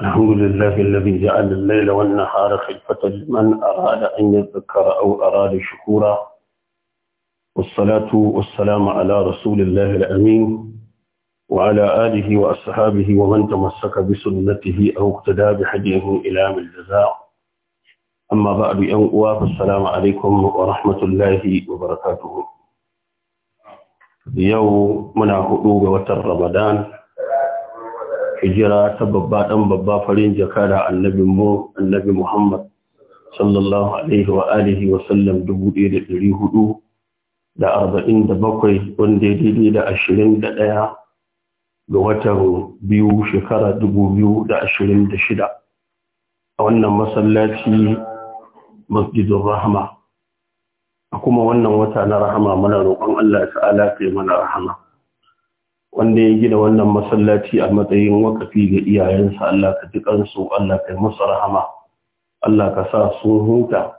الحمد لله الذي جعل الليل والنهار خلفة لمن أراد أن يذكر أو أراد شكورا والصلاة والسلام على رسول الله الأمين وعلى آله وأصحابه ومن تمسك بسنته أو اقتدى بحديه إلى من الجزاء أما بعد أنقوا فالسلام عليكم ورحمة الله وبركاته يوم منا هدوغ وتر رمضان hijira ta babba ɗan babba farin jaka da annabin mu annabi Muhammad sallallahu alaihi wa alihi wa sallam 1447 wanda ya daidai da ashirin da ɗaya ga watan biyu shekara dubu biyu da da ashirin shida. a wannan masallaci masjidin rahama a kuma wannan wata na rahama mana roƙon Allah ta'ala ta yi mana rahama wanda ya gina wannan masallaci a matsayin wakafi ga iyayensa Allah ka ji kansu Allah ka yi musu rahama Allah ka sa su huta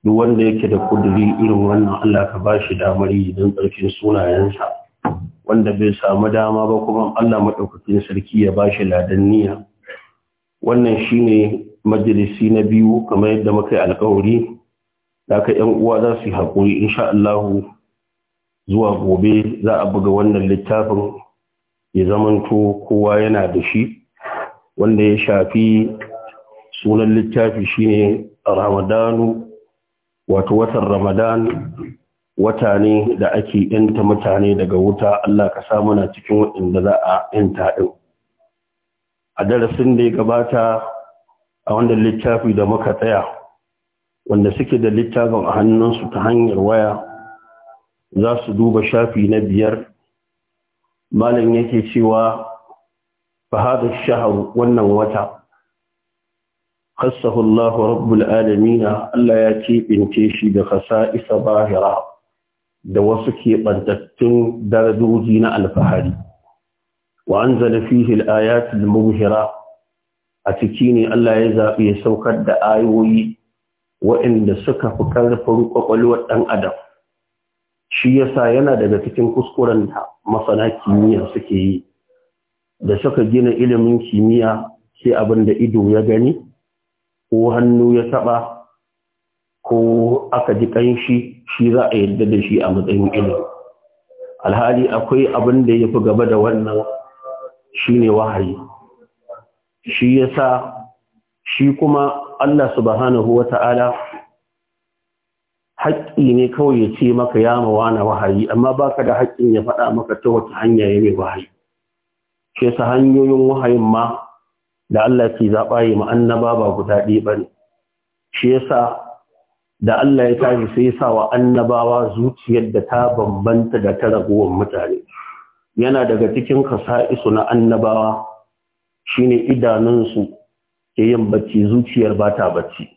duk wanda yake da kuduri irin wannan Allah ka bashi damar yi don tsarkin sunayensa wanda bai samu dama ba kuma Allah madaukakin sarki ya shi ladan niyya wannan shine majalisi na biyu kamar yadda muka yi alkawari da ka yan uwa za su yi haƙuri insha Allah zuwa gobe za a buga wannan littafin ya zamanto kowa yana da shi wanda ya shafi sunan littafi shine ramadanu wato watan ramadan wata ne da ake yanta mutane daga wuta Allah ka sa mana cikin waɗanda za a yanta ɗin a darasin da ya gabata a wanda littafi da muka tsaya wanda suke da littafin a hannunsu ta hanyar waya za su duba shafi na biyar malam yake cewa fa hada shahru wannan wata khassahu Allahu rabbul alamin Allah ya keɓince shi da khasa'isa bahira da wasu keɓantattun darajoji na alfahari wa anzala fihi al-ayat a ciki ne Allah ya zaɓi ya saukar da ayoyi waɗanda suka fi ƙarfin ƙwaƙwalwar ɗan adam shi yasa yana daga cikin kuskuren da masana kimiyya suke yi da suka gina ilimin kimiyya sai abin da ido ya gani ko hannu ya taba ko aka ji kanshi shi za a yarda da shi a matsayin ilimi alhali akwai abin da ya fi gaba da wannan shine wahayi shi yasa shi kuma Allah subhanahu Ta'ala. haƙƙi ne kawai ya ce maka ya na wahayi amma baka da haƙƙin ya faɗa maka ta wata hanya ya mai wahayi shi yasa hanyoyin wahayin ma da Allah ke zaɓa yi ma annaba ba guda ɗaya ba ne shi yasa da Allah ya tashi sai sa wa annabawa zuciyar da ta bambanta da ta ragowar mutane yana daga cikin isu na annabawa shine idanunsu ke yin bacci zuciyar ba ta bacci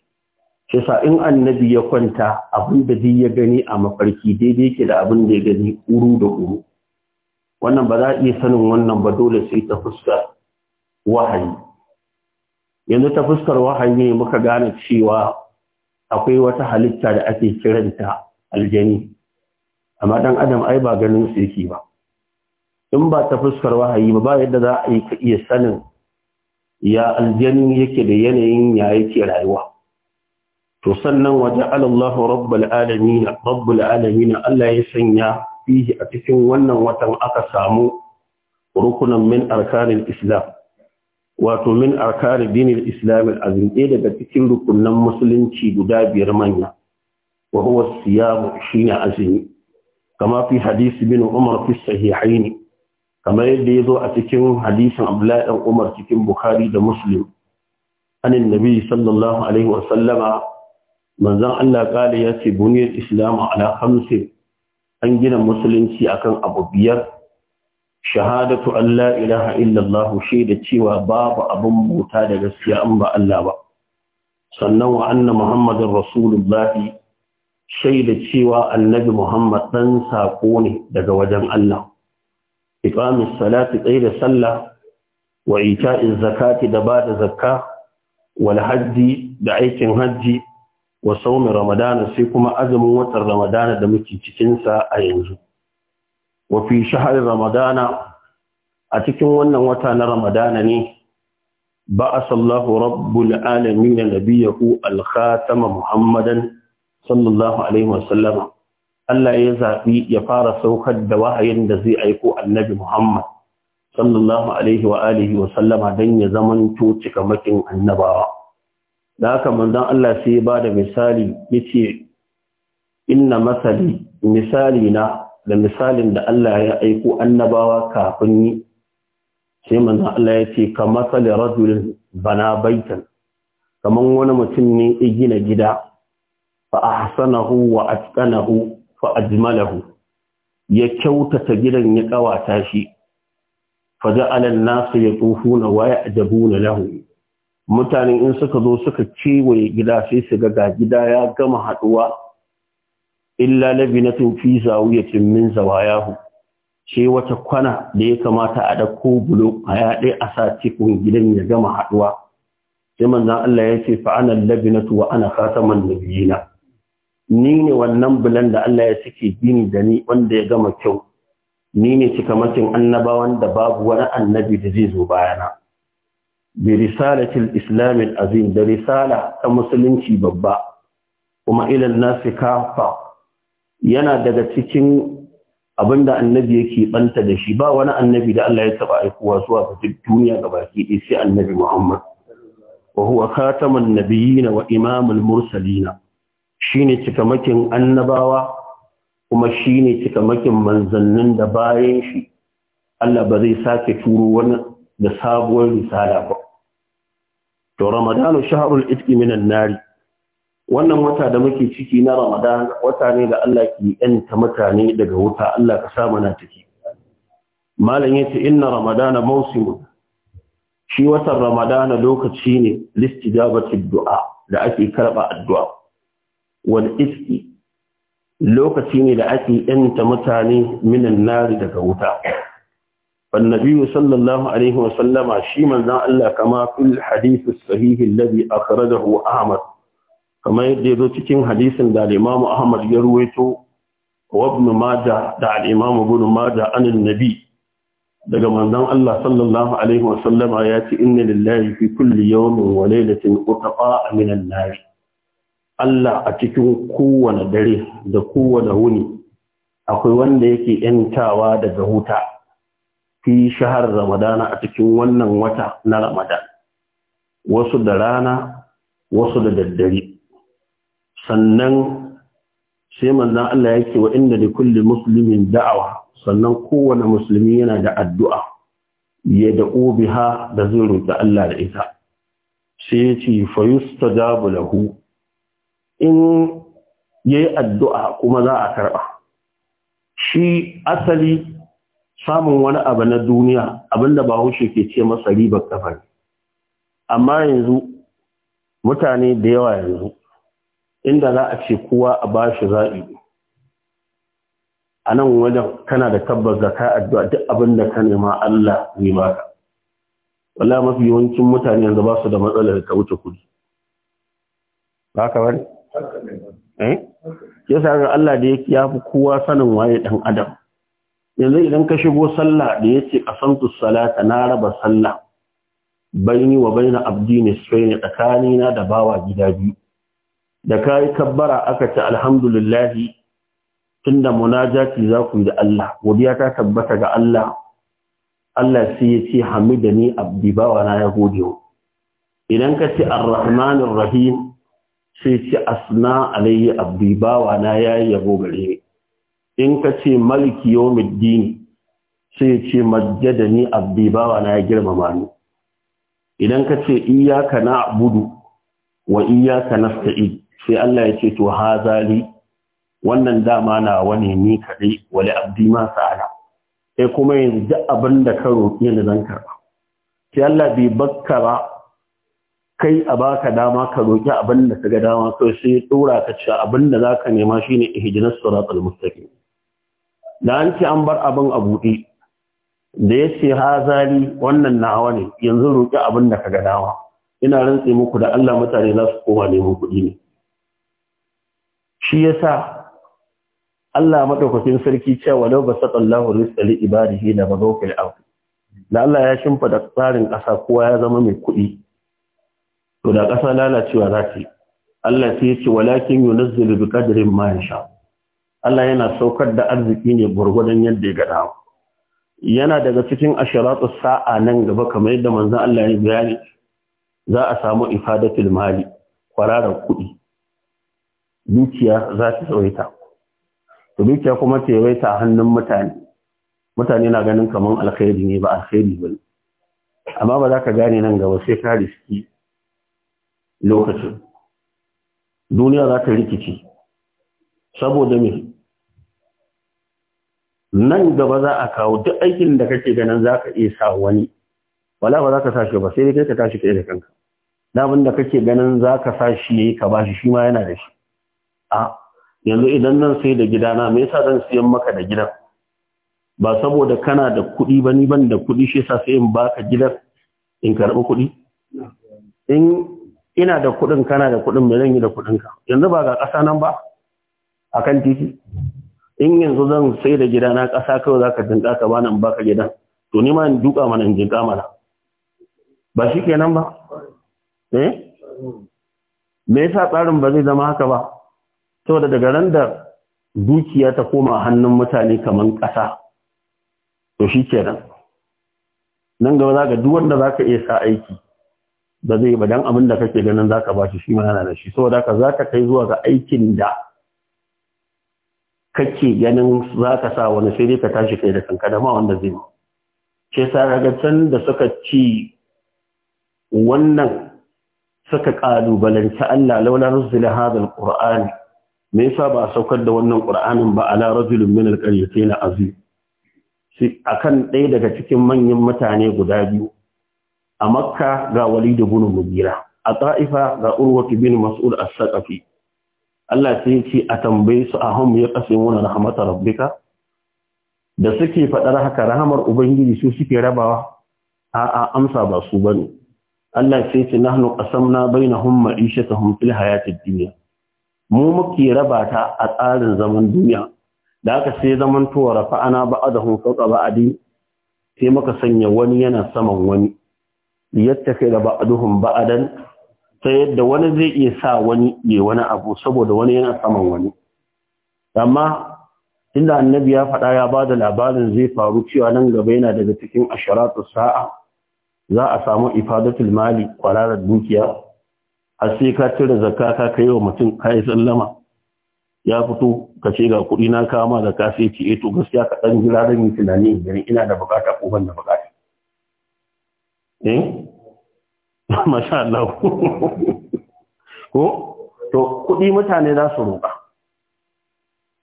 shi in annabi ya kwanta abin da zai ya gani a mafarki daidai yake da abin da ya gani uru da uru wannan ba za a iya sanin wannan ba dole sai ta fuskar wahayi yanzu ta fuskar wahayi ne muka gane cewa akwai wata halitta da ake kiranta aljani amma dan adam ai ba ganin su yake ba in ba ta fuskar wahayi ba ba yadda za a iya sanin ya aljani yake da yanayin ya yake rayuwa to sannan waje alallahu rabbul alamin rabbul alamin Allah ya sanya fihi a cikin wannan watan aka samu rukunan min arkanil islam wato min arkanil dinil islam al-azim daga cikin rukunan musulunci guda biyar manya wa huwa siyam shine azumi kama fi hadisi bin umar fi sahihain kama yadda yazo a cikin hadisin abdullahi umar cikin bukhari da muslim anin nabi sallallahu alaihi wa sallama manzon Allah kale ya ce buniyar islam ala khamsin an gina musulunci akan abu biyar shahadatu an la ilaha illallah shaida cewa babu abin bauta da gaskiya an ba Allah ba sannan wa anna muhammadin rasulullah shaida cewa annabi muhammad dan sako ne daga wajen Allah iqamis salati tsaye da sallah wa ita'iz zakati da ba da zakka wal hajji da aikin hajji wa saumin ramadana sai kuma azumin watan ramadana da muke cikinsa a yanzu Wafi shahar ramadana a cikin wannan wata na ramadana ne بعث الله رب na نبيه الخاتم محمدا Muhammadan الله Allah ya zaɓi ya fara saukar da wahayin da zai aiko annabi Muhammad sallallahu alaihi wa alihi don ya zamanto cikamakin annabawa. da haka manzon Allah sai ya bada misali yace inna masali misali na da misalin da Allah ya aiko annabawa kafin yi sai manzon Allah ya ce ka masali rajulin bana baitan kaman wani mutum ne ya gina gida fa ahsanahu wa atqanahu fa ajmalahu ya kyautata gidan ya kawata shi fa ja'ala an-nasu yatufuna wa ya'jabuna lahu mutane in suka zo suka kewaye gida sai su ga gida ya gama haduwa illa labinatin fi zawiyatin min zawayahu sai wata kwana da ya kamata a dauko bulo a yaɗe a sa cikin gidan ya gama haduwa sai manzon Allah ya ce fa ana labinatu wa ana khataman nabiyina ni ne wannan bulan da Allah ya sike gini da ni wanda ya gama kyau ni ne cikamakin annabawan da babu wani annabi da zai zo bayana bi risalatil islamil azim da risala ta musulunci babba kuma ilan na kafa yana daga cikin abinda annabi yake banta da shi ba wani annabi da Allah ya taba aikowa zuwa ga duniya gabaki ɗaya sai annabi Muhammad wa huwa khataman nabiyina wa imamul mursalina shine cikamakin annabawa kuma shine cikamakin manzannin da bayan shi Allah ba zai sake turo wani da sabuwar risala ba to ramadanu shahrul itqi minan nari wannan wata da muke ciki na ramadan wata ne da Allah ke yanta mutane daga wuta Allah ka sa mana take malam yace inna ramadana mawsimun shi watan ramadana lokaci ne listijabati du'a da ake karba addu'a wal iski lokaci ne da ake yanta mutane minan nari daga wuta فالنبي صلى الله عليه وسلم شيما ذا الله كما في الحديث الصحيح الذي أخرجه أحمد كما يدير تكين حديث دا الإمام أحمد يرويته وابن ماجه دا الإمام ابن ماجه عن النبي daga manzon Allah sallallahu alaihi wasallam ya ci inna lillahi fi kulli yawmin wa lailatin utaqa min Allah a cikin kowane dare da kowane wuni akwai wanda yake yantawa daga wuta fi shahar Ramadan a cikin wannan wata na ramadan wasu da rana wasu da daddare sannan sai manzan Allah yake wa inda da kulle musulmin da'awa sannan kowane musulmi yana da addu'a ya da ha da zai roƙi Allah da ita sai ya ce fayusta jabu lahu in ya yi addu'a kuma za a karɓa shi asali samun wani abu na duniya abinda ba hushe ke ce masa ribar kafa amma yanzu mutane da yawa yanzu inda za a ce kowa a ba shi zaɓi a nan wajen kana da tabbas da ka addu'a duk abin da ka nema Allah zai baka wala mafi yawancin mutane yanzu ba su da matsalar ta wuce kudi ba ka bari eh yasa ga Allah da ya fi kowa sanin waye dan adam yanzu idan ka shigo sallah da ya ce kasantu salata na raba sallah baini wa baina abdi ne tsakani tsakanina da bawa gida biyu da kayi kabbara aka ce alhamdulillahi tunda munajati za ku yi da Allah godiya ta tabbata ga Allah Allah sai ya ce ni abdi bawa na ya gode wa idan ka ce arrahmanir rahim sai ce asna alayya abdi bawa na ya yabo gare ni in ka ce maliki dini, sai ce majjadani abdi bawa na ya girmama ni idan ka ce iyaka na budu wa iyaka nasta'in sai Allah ya ce to hazali wannan dama na wani ni kaɗai, wale abdi ma sa'ala sai kuma yanzu ji abin da ka roƙi ni zan karɓa sai Allah bai bakka ba kai a baka dama ka roƙi abin da ka ga dama kai sai ya tsora ka cewa abin da ka nema shine ihdinas siratal mustaqim da an ce an bar abin a buɗe da ya ce ha hazari wannan nawa ne yanzu roƙi abin da ka ga nawa. ina rantse muku da Allah mutane za su koma neman kuɗi ne shi yasa Allah madaukakin sarki cewa walau basatallahu rizqa li ibadihi la bagaw fil da Allah ya shimfida tsarin ƙasa kowa ya zama mai kuɗi to da ƙasa lalacewa za ta Allah sai ya ce walakin yunazzilu bi qadrin ma yasha Allah yana saukar da arziki ne gwargwadon yadda ya gada yana daga cikin asharatu sa'a nan gaba kamar yadda manzon Allah ya bayani za a samu ifadatul mali kwararar kuɗi dukiya za ta tsawaita dukiya kuma ta yawaita a hannun mutane mutane na ganin kamar alkhairi ne ba alkhairi ba amma ba za ka gane nan gaba sai ka riski lokacin duniya za ta rikici saboda me nan gaba za a kawo duk aikin da kake ganin za ka iya sa wani wala ba za ka sa shi ba sai dai kai ka tashi kai da kanka damin da kake ganin za ka sa shi yayi ka bashi shi ma yana da shi a yanzu idan nan sai da gidana me yasa zan siyan maka da gidan ba saboda kana da kuɗi ba ni ban da kuɗi shi yasa sai in baka gidan in karɓi kuɗi in ina da kuɗin kana da kuɗin me zan yi da kuɗinka yanzu ba ga ƙasa nan ba akan titi in yanzu zan sai da gidana ƙasa kawai za ka jinƙa ka ba nan ba ka gidan to ni ma in duka mana in jinƙa mana ba shi kenan ba eh me yasa tsarin ba zai zama haka ba saboda daga ran da dukiya ta koma hannun mutane kaman ƙasa to shi kenan nan gaba za ka duk wanda za ka iya sa aiki ba zai ba dan abin da kake ganin za ka ba shi shi ma yana da shi saboda haka za ka kai zuwa ga aikin da kake ganin za ka sa wani sai dai ka tashi kai da kanka da ma wanda zai ma ce can da suka ci wannan suka ƙalubalanci Allah laula nuzila hadal qur'an me yasa ba saukar da wannan Ƙur'anin ba ala rajulun min alqaryatayn azim shi akan ɗaya daga cikin manyan mutane guda biyu a makka ga walidu bin mugira a ta'ifa ga urwa bin mas'ud as-saqafi Allah sai ya ce a tambaye su a hannu ya wani rahamata rabbika da suke faɗar haka rahamar ubangiji su suke rabawa a'a amsa ba su ba ne. Allah sai ya ce nahnu qasamna bainahum ma'ishatahum fil hayatar dunya mu muke raba ta a tsarin zaman duniya da aka sai zaman tuwa rafa'ana ba'adahum fawqa ba'adi sai muka sanya wani yana saman wani kai da ba'aduhum dan? ta yadda wani zai iya sa wani ne wani abu saboda wani yana saman wani amma inda annabi ya faɗa ya bada labarin zai faru cewa nan gaba yana daga cikin asharatu sa'a za a samu ifadatul mali kwararar dukiya har sai ka cire zakka ka kai wa mutum kai sallama ya fito ka ce ga kuɗi na kama da ka sai ce eh, to gaskiya ka dan jira da tunani idan ina da bukata ko ban da bukata eh? masha Allah ko to kudi mutane za su roƙa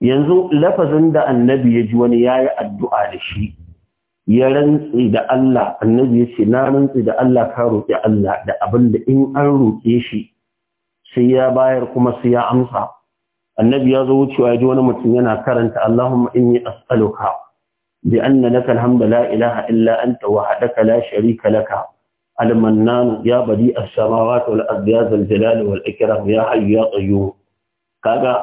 yanzu lafazin da annabi ya ji wani yayi addu'a da shi ya rantsi da Allah annabi ya ce na rantsi da Allah ka roƙi Allah da abin da in an roƙe shi sai ya bayar kuma sai ya amsa annabi ya zo wucewa ya ji wani mutum yana karanta Allahumma inni as'aluka bi anna laka alhamdu la ilaha illa anta wahdaka la sharika laka المنان يا بديع السماوات والأرض يا ذا الجلال والإكرام يا حي يا قيوم kaga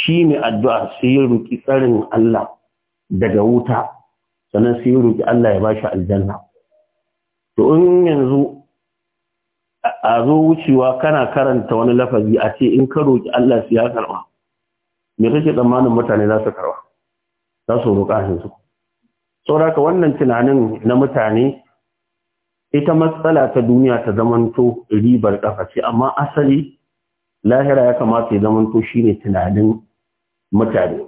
shi ne addu'a sai ya roki tsarin Allah daga wuta sannan sai ya roƙi Allah ya bashi aljanna to in yanzu a zo wucewa kana karanta wani lafazi a ce in ka roƙi Allah su ya karɓa? me kake tsammanin mutane za su karɓa? za su roƙa yanzu saboda wannan tunanin na mutane ita matsala ta duniya ta zamanto ribar kafa ce amma asali lahira ya kamata ya zamanto shine tunanin mutane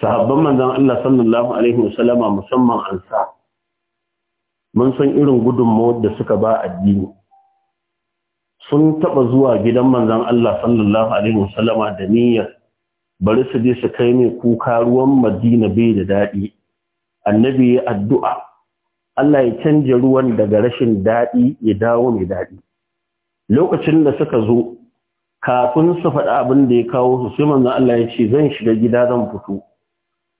sahabban manzon Allah sallallahu alaihi wasallama musamman ansa mun san irin gudunmawar da suka ba addini sun taɓa zuwa gidan manzon Allah sallallahu alaihi wasallama da niyyar bari su je su kai ne kuka ruwan Madina bai da daɗi. annabi ya addu'a Allah ya canje ruwan daga rashin daɗi ya dawo mai daɗi lokacin da suka zo kafin su faɗi abin da ya kawo su sai manzon Allah ya ce zan shiga gida zan fito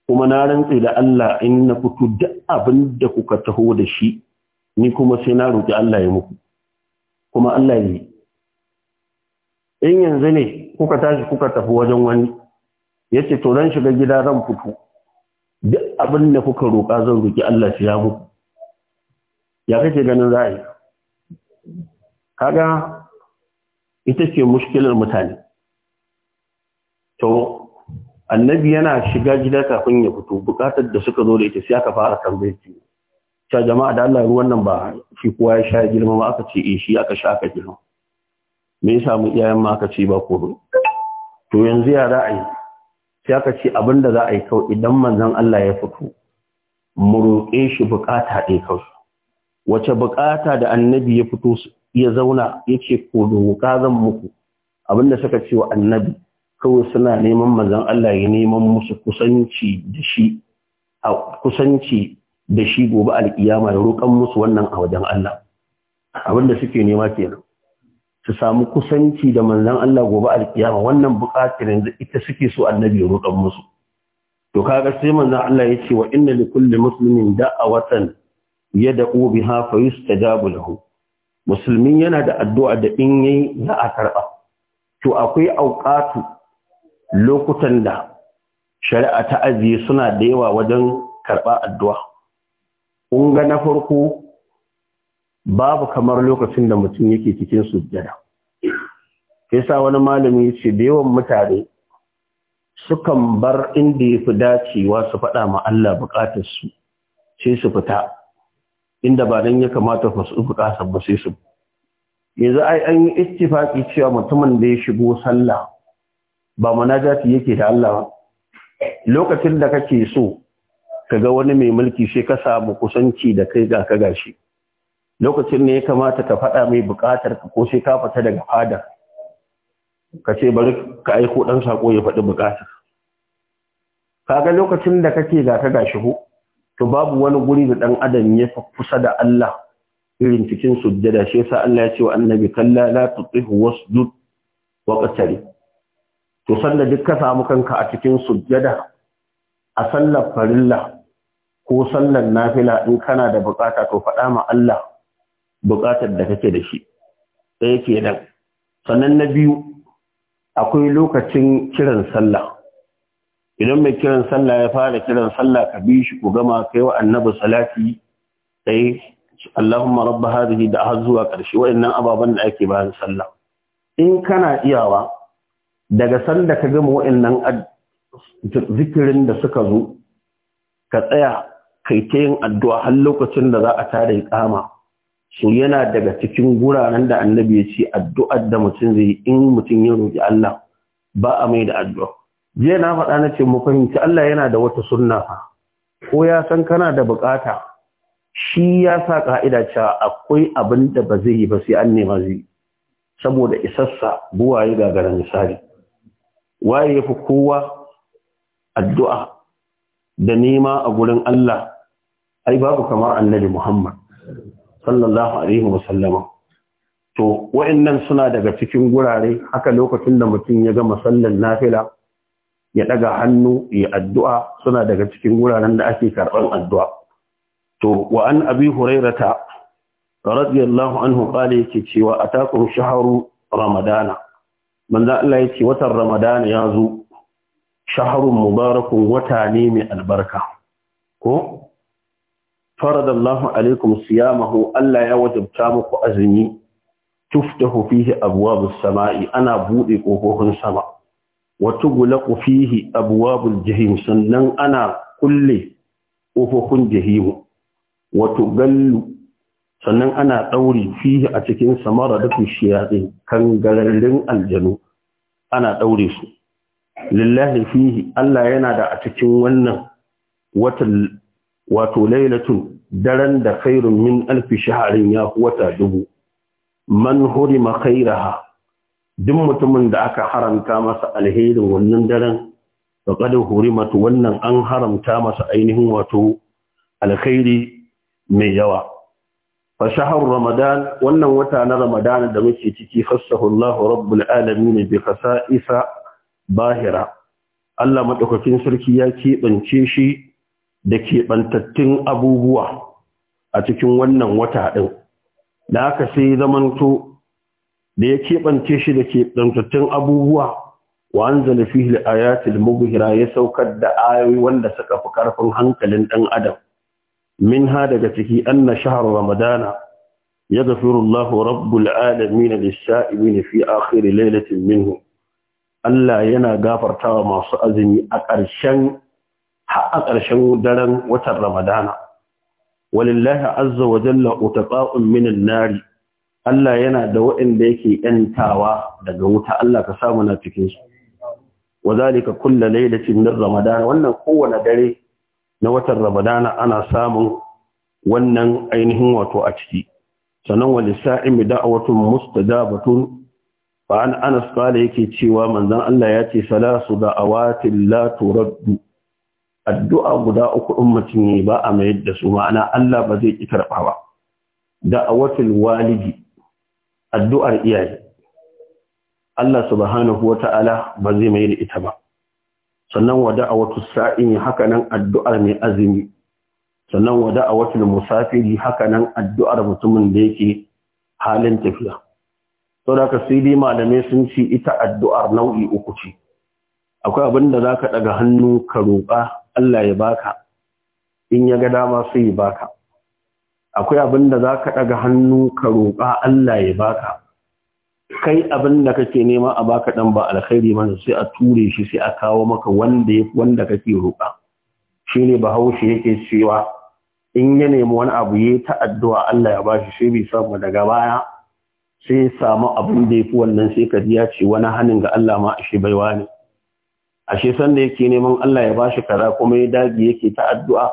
kuma na rantse da Allah in na fito duk abin da kuka taho da shi ni kuma sai na roƙi Allah ya muku kuma Allah ya yi in yanzu ne kuka tashi kuka tafi wajen wani ya ce to zan shiga gida zan fito duk abin da kuka roƙa zan roƙi Allah ya muku ya kake ganin za a yi kaga ita ce mushkilar mutane to annabi yana shiga gida kafin ya fito bukatar da suka zo da ita sai aka fara tambayar shi ta jama'a da Allah ruwan nan ba shi kowa ya sha girma ba aka ce eh shi aka sha aka girma me ya mu iyayen ma aka ce ba ko to yanzu ya za a yi sai aka ce abinda za a yi kawai idan manzon Allah ya fito mu roƙe shi bukata ɗaya kawai wace bukata da annabi ya fito ya zauna ya ce ko doka zan muku abinda suka ce wa annabi kawai suna neman Manzan Allah ya neman musu kusanci da shi a kusanci da shi gobe alkiyama ya roƙan musu wannan a wajen Allah abinda suke nema kenan su samu kusanci da Manzan Allah gobe alkiyama wannan bukatar yanzu ita suke so annabi ya roƙan musu to kaga sai Manzan Allah ya ce wa inna kulli muslimin da'awatan ya da'u su fa yustajabu lahu musulmi yana da addu'a da in yayi za a karba to akwai auƙatu. lokutan da shari'a ta ajiye suna da yawa wajen karba addu'a kun ga na farko babu kamar lokacin da mutum yake cikin sujjada sa wani malami ya ce da yawan mutane sukan bar inda ya fi dacewa su faɗa ma Allah bukatarsu sai su fita inda ba dan ya kamata fa su ba sai su yanzu ai an yi ittifaki cewa mutumin da ya shigo sallah ba munajati yake da Allah ba lokacin da kake so kaga wani mai mulki sai ka samu kusanci da kai ga ka gashi lokacin ne ya kamata ka faɗa mai buƙatar ka ko sai ka fita daga fada ka ce bari ka aiko ɗan sako ya faɗi buƙatar kaga lokacin da kake ga ka gashi ko to babu wani guri da dan adam ya fa kusa da Allah irin cikin sujjada shi yasa Allah ya ce wa annabi kalla la tutihu wasjud wa qatari to sanda duk ka samu kanka a cikin sujjada a sallar farilla ko sallar nafila in kana da bukata to faɗa ma Allah bukatar da kake da shi ɗaya kenan sannan na biyu akwai lokacin kiran sallah idan mai kiran sallah ya fara kiran sallah ka bi shi ku gama kai wa annabi salati sai Allahumma rabb hadhihi da har zuwa karshe waɗannan ababen da ake bayan sallah in kana iyawa daga sanda ka gama waɗannan zikirin da suka zo ka tsaya kai ta yin addu'a har lokacin da za a tare kama su yana daga cikin guraren da annabi ya ce addu'ar da mutum zai in mutum ya roƙi Allah ba a mai da addu'a jiya na faɗa na ce mu fahimci Allah yana da wata sunna fa ko ya san kana da bukata shi ya sa ka'ida cewa akwai abin da ba zai yi ba sai an nema zai saboda isassa buwaye gagara misali waye yafi kowa addu'a da nema a gurin Allah ai babu kamar annabi Muhammad sallallahu alaihi wasallama to wa'annan suna daga cikin gurare haka lokacin da mutum ya gama sallar nafila ya daga hannu ya addu'a suna daga cikin wuraren da ake karɓar addu'a to wa an abi hurairata radiyallahu anhu qala yake cewa atakum shahru ramadana manzo Allah yake watan ramadana ya zo shaharun mubarakun wata ne mai albarka ko faradallahu alaikum عليكم صيامه الا يا وجب تامك ازمي تفتح فيه ابواب sama'i ana buɗe ƙofofin sama. wa tughlaqu fihi abwabul jahim sannan ana kulle ƙofofin jahim wa sannan ana ɗauri fihi a cikin samara da tushiyaɗe kan gararin aljanu ana ɗaure su lillahi fihi Allah yana da a cikin wannan watan wato lailatun daren da khairun min alfi shaharin ya wata dubu man hurima khairaha duk mutumin da aka haramta masa alherin wannan daren da ƙadin hurimatu wannan an haramta masa ainihin wato alkhairi mai yawa fa shahar ramadan wannan wata na ramadan da muke ciki fassahullahu rabbul alamin bi khasa'isa bahira Allah madaukakin sarki ya keɓance shi da keɓantattun abubuwa a cikin wannan wata ɗin da aka sai zamanto da ya keɓance shi da ke abubuwa wa an zalafi ayatul mubhira ya saukar da ayoyi wanda suka fi ƙarfin hankalin ɗan adam min ha daga ciki annashahar shahar ramadana ya gafiru Allah rabbul alamin lis fi akhir lailatin minhu Allah yana gafartawa masu azumi a ƙarshen har a ƙarshen daren watan Ramadana walillahi azza wa jalla utaqa'un minan nari Allah yana da waɗanda yake ‘yantawa daga wuta Allah ka samu na cikinsu. Wa zalika kulla lailatin min Ramadana wannan kowane dare na watan Ramadana ana samun wannan ainihin wato a ciki. Sannan wa lissa'imi da'awatun mustajabatun fa an Anas kala yake cewa manzon Allah ya ce salasu da'awatin la turaddu addu'a guda uku ɗin mutum ne ba a mayar da su ma'ana Allah ba zai ƙi karɓa ba. Da'awatul walidi addu'ar iyaye Allah subhanahu wa ta'ala ba zai mai da ita ba sannan wa da'awatu sa'imi haka nan addu'ar mai azumi sannan wa da'awatu musafiri haka nan addu'ar mutumin da yake halin tafiya to da ka sai dai malamai sun ci ita addu'ar nau'i uku ce akwai abin da ka ɗaga hannu ka roƙa Allah ya baka in ya ga dama sai ya baka akwai abin da za ka ɗaga hannu ka roƙa Allah ya baka kai abin da kake nema a baka ɗan ba alkhairi mana sai a ture shi sai a kawo maka wanda ya wanda kake roƙa shi ne bahaushe yake cewa in ya nemi wani abu ya ta addu'a Allah ya bashi sai bai samu daga baya sai samu abin da ya fi wannan sai ka ji ya ce wani hannun ga Allah ma ashe baiwa ne ashe sanda yake neman Allah ya bashi kaza kuma ya dage yake ta addu'a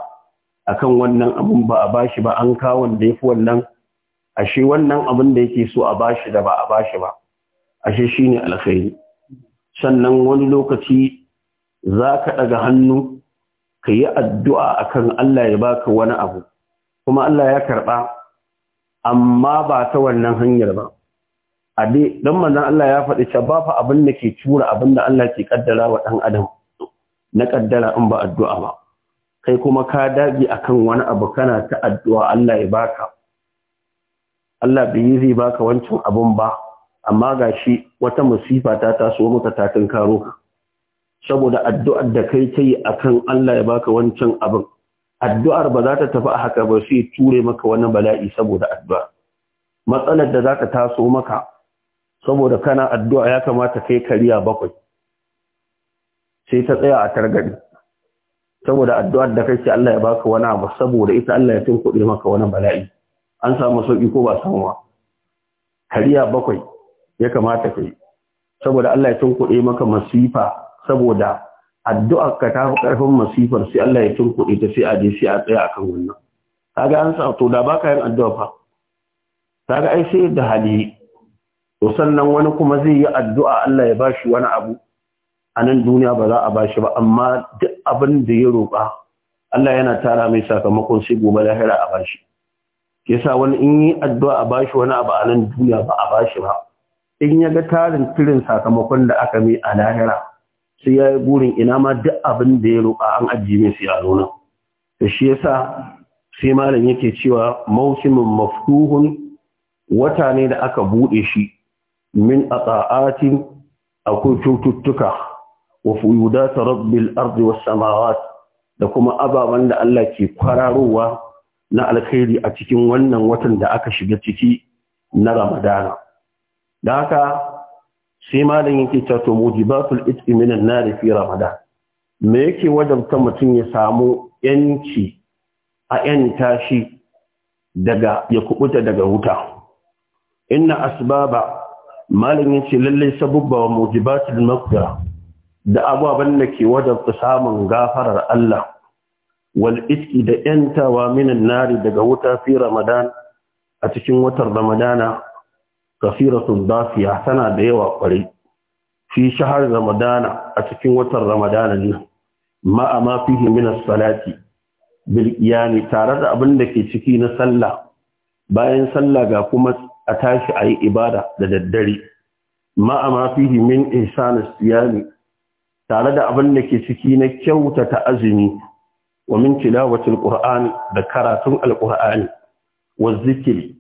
akan wannan abun ba a bashi ba an da wanda yafi wannan ashe wannan abin da yake so a bashi da ba a bashi ba ashe shine alkhairi sannan wani lokaci za ka daga hannu ka yi addu'a akan Allah ya baka wani abu kuma Allah ya karɓa amma ba ta wannan hanyar ba a dai dan manzon Allah ya faɗi cewa ba fa abin da ke tura abin da Allah ke kaddara wa dan adam na kaddara in ba addu'a ba kai kuma ka dage akan wani abu kana ta addu'a Allah ya baka Allah bai zai baka wancan abun ba amma ga shi wata musifa ta taso maka ta karo ka saboda addu'ar da kai ta yi akan Allah ya baka wancan abin addu'ar ba za ta tafi a haka ba sai ture maka wani bala'i saboda addu'a matsalar da za ka taso maka saboda kana addu'a ya kamata kai kariya bakwai sai ta tsaya a targadi saboda addu'ar da ce Allah ya baka wani abu saboda ita Allah ya kuɗi maka wani bala'i an samu sauƙi ko ba samu ba hariya bakwai ya kamata kai saboda Allah ya kuɗi maka masifa saboda addu'ar ka ta fi ƙarfin masifar sai Allah ya kuɗi ta sai a je sai a tsaya akan wannan kaga an samu to da baka yin addu'a fa kaga ai sai da hali to sannan wani kuma zai yi addu'a Allah ya bashi wani abu a nan duniya ba za a ba shi ba amma duk abin da ya roƙa Allah yana tara mai sakamakon sai gobe lahira a bashi sa wani in yi addu'a a bashi wani abu a nan duniya ba a bashi ba in ya ga tarin tirin sakamakon da aka mai a lahira sai ya yi burin ina ma duk abin da ya roƙa an ajiye mai sai a nuna da shi yasa sai malam yake cewa mausimin mafuhun wata ne da aka buɗe shi min a akwai cututtuka wa fuyudata rabbil ardi was samawat da kuma ababan da Allah ke kwararowa na alkhairi a cikin wannan watan da aka shiga ciki na Ramadana da haka sai malam yake cewa to mujibatul na minan nar fi Ramadan me yake ta mutum ya samu yanci a yan tashi daga ya kubuta daga wuta inna asbaba malam yace lallai sabubba wa mujibatul maghfira da ababen da ke wadanta samun gafarar Allah wal iski da ‘yantawa minan nari daga wuta fi Ramadan a cikin watan Ramadana kafiratun dafiya tana da yawa kwarai fi shahar Ramadana a cikin watan Ramadana ne ma'a ma fihi min salati bil qiyami tare da abin da ke ciki na sallah bayan sallah ga kuma a tashi a yi ibada da daddare ma'a ma fihi min siyami tare da abin da ke ciki na kyautata azumi wa min tilawatil qur'an da karatun alqur'ani wa zikri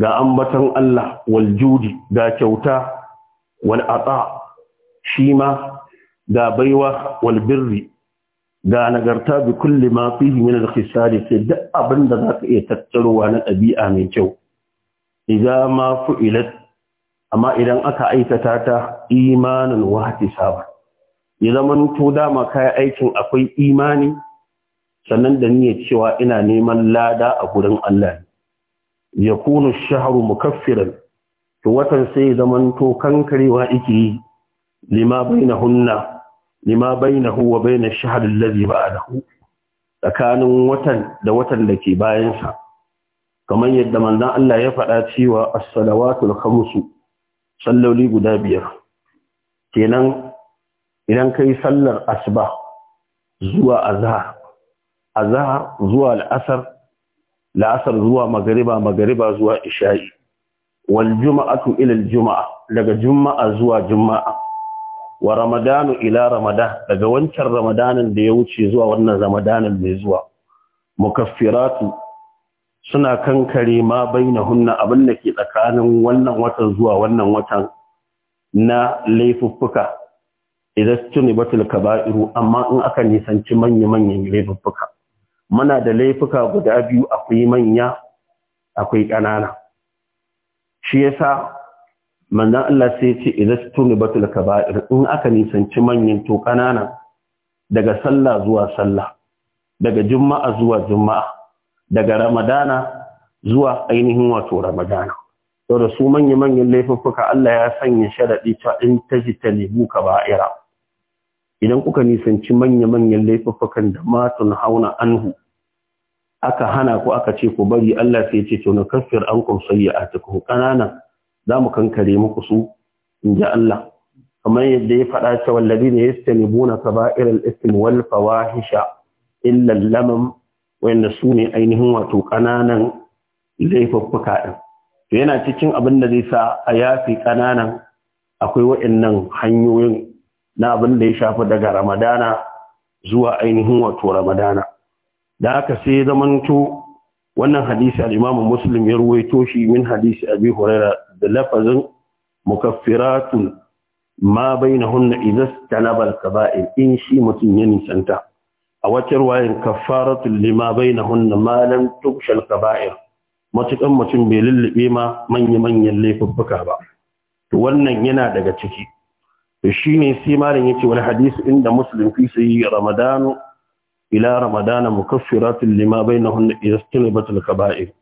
ga ambaton Allah wal judi ga kyauta wal ata shi ma ga baiwa wal birri da nagarta bi kulli ma fihi min al-khisari sai da abin da zaka iya tattarowa na ɗabi'a mai kyau idza ma fu'ilat amma idan aka aikata ta imanan wa ihtisaba ya zama dama kaya aikin akwai imani sannan da niyyar cewa ina neman lada a gurin Allah ya kunu shahru mukaffiran to watan sai ya zama to kankarewa yake yi lima bainahunna lima bainahu wa bain ash-shahr ba'dahu tsakanin watan da watan da ke bayansa kamar yadda manzon Allah ya faɗa cewa as-salawatul khamsu salloli guda biyar kenan idan ka yi sallar asuba zuwa azahar azahar zuwa al'asar la'asar zuwa magariba magariba zuwa isha'i wal juma'atu ila juma'a daga juma'a zuwa juma'a wa ramadanu ila ramadan daga wancan ramadanin da ya wuce zuwa wannan ramadanin mai zuwa mukaffiratu suna kankare ma bainahunna abin da ke tsakanin wannan watan zuwa wannan watan na laifuffuka idan tuni batul kaba'iru amma in aka nisanci manya-manyan laifuka. muna da laifuka guda biyu akwai manya akwai ƙanana shi yasa manzon Allah sai ya ce idan tuni batul kaba'ir in aka nisanci manyan to ƙanana daga sallah zuwa sallah daga juma'a zuwa juma'a daga ramadana zuwa ainihin wato ramadana saboda su manya-manyan laifuka, Allah ya sanya sharaɗi cewa in tajitanibu kaba'ira idan kuka nisanci manya-manyan laifuffukan da matun hauna anhu aka hana ko aka ce ku bari Allah sai ce to na kafir an kum sayyi'atukum kanana za mu kankare muku su in ji Allah kamar yadda ya faɗa cewa alladhina yastanibuna irin ism wal Hisha, illa lamam wayanda su ne ainihin wato ƙananan laifuffuka ɗin. to yana cikin abin da zai sa a yafi ƙananan, akwai waɗannan hanyoyin na abin da ya shafi daga ramadana zuwa ainihin wato ramadana da aka sai zamanto wannan hadisi al Limamin muslim ya ruwai shi min hadisi abi huraira da lafazin mukaffiratun ma bainahunna idza tanaba al-kaba'ir in shi mutum ya nisanta a wacce wayan kafaratun lima hunna ma lam tuksha al-kaba'ir matukan mutum bai lullube ma manya-manyan laifuffuka ba to wannan yana daga ciki shi ne sai malam yace wani hadisi inda muslim fi sayi ramadanu ila ramadana mukaffiratun lima bainahun istinabatul kaba'ir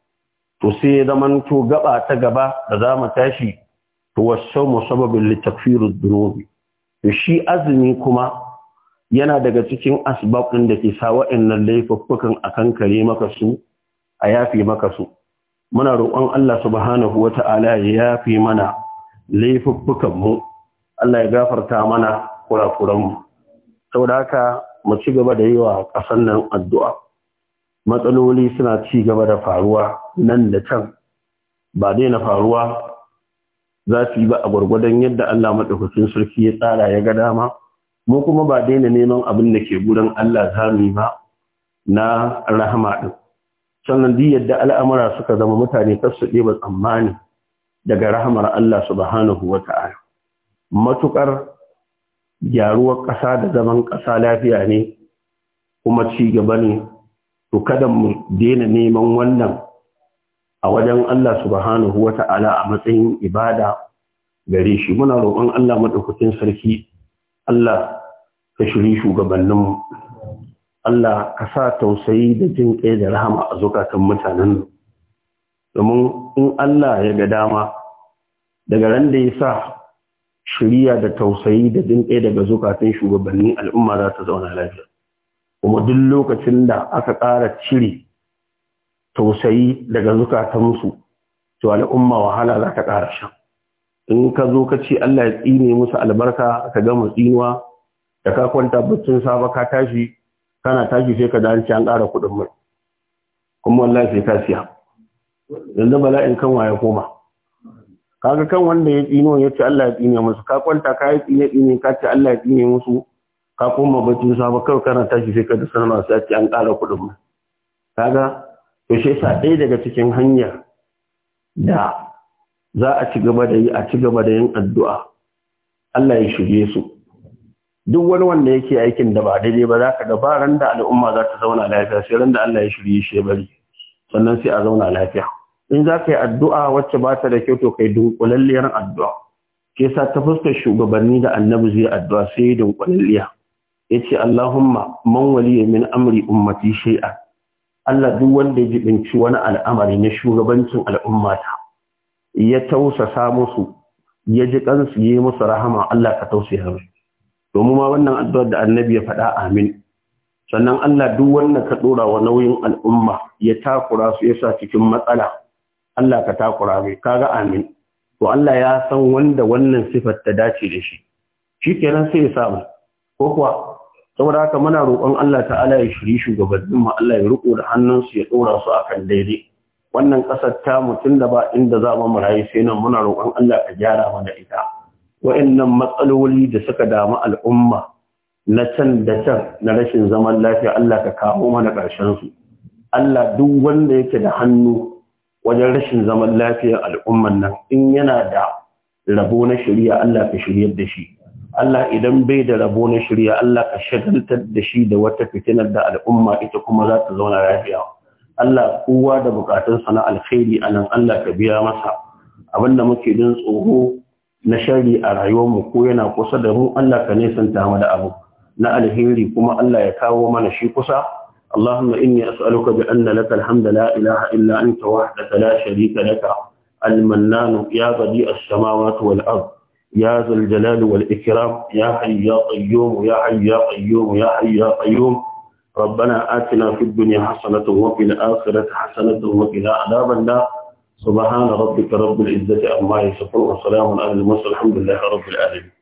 to sai zaman to gaba ta gaba da zamu tashi to wasawmu sababin litakfirud dunubi to shi azumi kuma yana daga cikin ɗin da ke sa wa'annan laifuffukan akan kare maka su a yafi maka su muna roƙon Allah subhanahu wata'ala ya yafi mana laifuffukan mu Allah ya gafarta mana kurakuranmu saboda haka mu ci gaba da yi wa kasan nan addu'a matsaloli suna ci gaba da faruwa nan da can ba daina faruwa za su yi ba a gwargwadon yadda Allah maɗaukakin sarki ya tsara ya ga dama mu kuma ba daina neman abin da ke gurin Allah zami ba na rahama ɗin sannan duk yadda al'amura suka zama mutane kasu su ɗeba tsammani daga rahamar Allah subhanahu wa ta'ala matuƙar gyaruwar ƙasa da zaman ƙasa lafiya ne kuma ci gaba ne to kada mu daina neman wannan a wajen Allah subhanahu wata'ala a matsayin ibada gare shi muna roƙon Allah madaukakin sarki Allah ka shiri shugabanninmu Allah ka sa tausayi da jin ƙai da rahama a zukatan mutanen domin in Allah ya ga dama daga ran da ya sa shirya da tausayi da jin ɗaya daga zukatun shugabanni al'umma za ta zauna lafiya kuma duk lokacin da aka ƙara cire tausayi daga zukatansu to al'umma wahala za ta ƙara sha in ka zo ka ce Allah ya tsine musu albarka ka gama tsinuwa da ka kwanta baccin safa ka tashi kana tashi sai ka dace an ƙara kuɗin mai kuma wallahi sai ka siya yanzu bala'in kan waye koma kaga kan wanda ya tsino ya ce Allah ya tsine musu ka kwanta ka yi tsine tsine ka ce Allah ya tsine musu ka koma bacci ba kawai kana tashi sai ka da sanarwa sai ce an ƙara kuɗin mu kaga to shi yasa ɗaya daga cikin hanya da za a ci gaba da yi a ci gaba da yin addu'a Allah ya shirye su duk wani wanda yake aikin da ba daidai ba za ka da ba ran da al'umma za ta zauna lafiya sai randa Allah ya shirye shi ya bari sannan sai a zauna lafiya in za ka yi addu'a wacce ba ta da kyau to kai dunkulalliyar addu'a ke sa ta fuskar shugabanni da annabi zai addu'a sai ya dunkulalliya ya ce Allahumma man waliya min amri ummati shay'an Allah duk wanda ya jibinci wani al'amari na shugabancin al'ummata ya tausasa musu ya ji kansu yi musu rahama Allah ka tausaya musu domin ma wannan addu'ar da annabi ya faɗa amin sannan Allah duk wanda ka ɗora wa nauyin al'umma ya takura su ya sa cikin matsala Allah ka takura mai kaga amin to Allah ya san wanda wannan sifar ta dace da shi shikenan sai ya samu ko kuwa saboda haka muna roƙon Allah ta'ala ya shiri shugabannin mu Allah ya riko da hannunsu ya ɗora su akan daidai wannan ƙasar ta mutum da ba inda za mu rayu sai nan muna roƙon Allah ka gyara mana ita wa'annan matsaloli da suka damu al'umma na can da can na rashin zaman lafiya Allah ka kawo mana ƙarshen su Allah duk wanda yake da hannu wajen rashin zaman lafiyar al'umman nan in yana da rabo na shirya, Allah ka shiryar da shi Allah idan bai da rabo na shirya, Allah ka shagaltar da shi da wata fitinar da al'umma ita kuma za ta zauna lafiya Allah kowa da sa na alkhairi anan Allah ka biya masa Abin da muke din tsoro na shari a mu ko yana kusa da mu Allah ka nisanta mu da abu na alheri kuma Allah ya kawo mana shi kusa اللهم إني أسألك بأن لك الحمد لا إله إلا أنت وحدك لا شريك لك المنان يا بديء السماوات والأرض يا ذا الجلال والإكرام يا حي يا قيوم يا حي يا قيوم يا حي يا قيوم ربنا آتنا في الدنيا حسنة وفي الآخرة حسنة وقنا عذاب النار سبحان ربك رب العزة أما يصفون وسلام على المرسلين الحمد لله رب العالمين